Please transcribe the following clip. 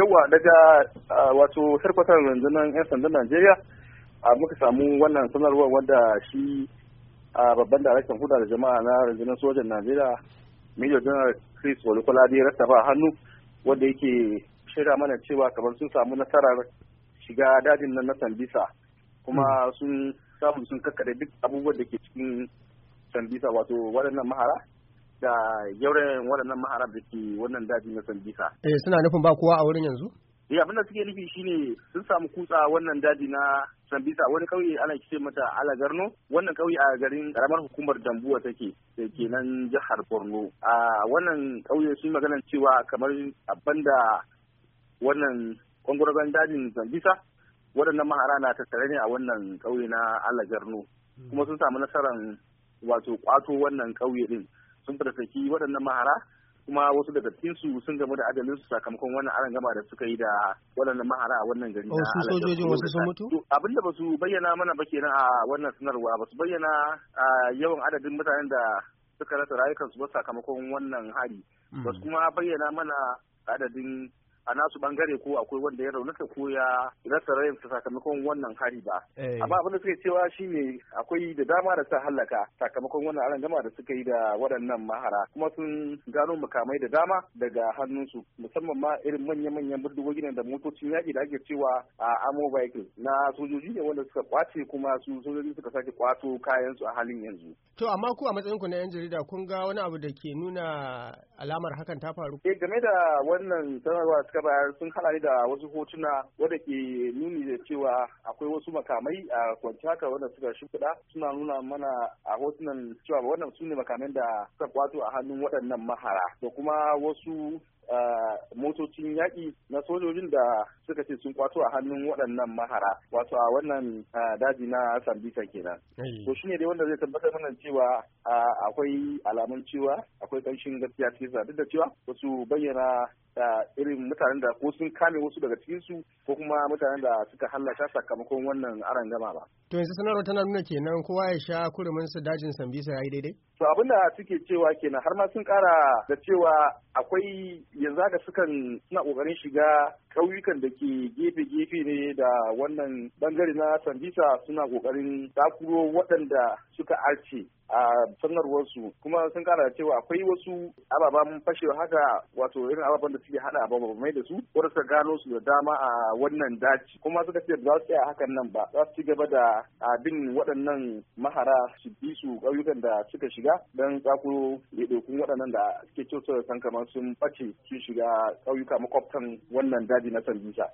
yawa daga wato sarkwatar rundunar 'yan sandan najeriya muka samu wannan sanarwar wanda shi a babban daraktan huda da jama'a na rundunar sojan najeriya major general chris olukolade ya ba hannu wanda yake shirya mana cewa kamar sun samu nasarar shiga dajin nan na sambisa kuma hmm. sun samu sun kakkaɗe duk abubuwan da ke cikin sambisa wato waɗannan mahara da yauren waɗannan maharar da ke wannan daji na sambisa. Eh suna nufin ba kowa a wurin yanzu? Eh abin da suke nufi shine sun samu kutsa wannan daji na Sambisa wani kauye ana ce mata Alagarno wannan kauye a garin karamar hukumar Dambuwa take da ke nan jihar Borno. A wannan kauye sun magana cewa kamar abban da wannan kwangwarban dajin Sambisa waɗannan mahara na tattare ne a wannan kauye na Alagarno hmm. kuma sun samu nasarar wato kwato wannan kauye din. sun farfaki waɗannan mahara kuma wasu daga cikinsu sun gamu da su sakamakon wannan aron gama da suka yi da waɗannan mahara a wannan gari. Wasu oh, sojojin wasu sun mutu? Abin da ba su bayyana mana ba kenan a wannan sanarwa ba su bayyana yawan adadin mutanen da suka rasa rayukansu ba sakamakon wannan hari. Ba su hmm. kuma bayyana mana adadin a nasu bangare ko akwai wanda ya raunata ko ya rasa su sakamakon wannan hari ba eh. amma abin da suke cewa shine akwai da dama da sa hallaka sakamakon wannan arangama da suka yi da waɗannan mahara kuma sun gano makamai da dama daga hannunsu musamman ma irin manya-manyan bindigogin da motocin yaƙi da ake cewa a amo na sojoji ne wanda suka kwace kuma su sojoji suka sake kwato kayan su a halin yanzu to amma ku a matsayin ku na yan jarida kun ga wani abu da ke nuna alamar hakan ta faru eh game da wannan sanarwa suka suka bayar sun hada da wasu hotuna wadda ke nuni da cewa akwai wasu makamai a kwanci haka wanda suka shimfiɗa suna nuna mana a hotunan cewa wannan su ne makamai da suka kwato a hannun waɗannan mahara da kuma wasu motocin yaƙi na sojojin da suka ce sun kwato a hannun waɗannan mahara wato a wannan daji na sambisa kenan to shine dai wanda zai tabbatar mana cewa akwai alamun cewa akwai ƙanshin gaskiya cikin duk da cewa wasu bayyana irin mutanen da ko sun kame wasu daga cikinsu ko kuma mutanen da suka hallaka sakamakon wannan aron gama ba. To yanzu sanarwar tana nuna kenan kowa ya sha kurumin su dajin Sambisa ya yi daidai? To abinda suke cewa kenan har ma sun kara da cewa akwai yanzu haka sukan suna kokarin shiga ƙauyukan da ke gefe-gefe ne da wannan bangare na sandisa suna kokarin takuro waɗanda suka arce a sanarwarsu kuma sun kara da cewa akwai wasu ababen fashewa haka wato irin ababen da suke hada ababen mai da su wanda suka gano su da dama a wannan daci kuma suka ce za su tsaya hakan nan ba za su ci gaba da abin waɗannan mahara su bi su ƙauyukan da suka shiga don tsako ɗaiɗaikun waɗannan da suke cewa san kamar sun ɓace sun shiga ƙauyuka makwabtan wannan daji na sambisa.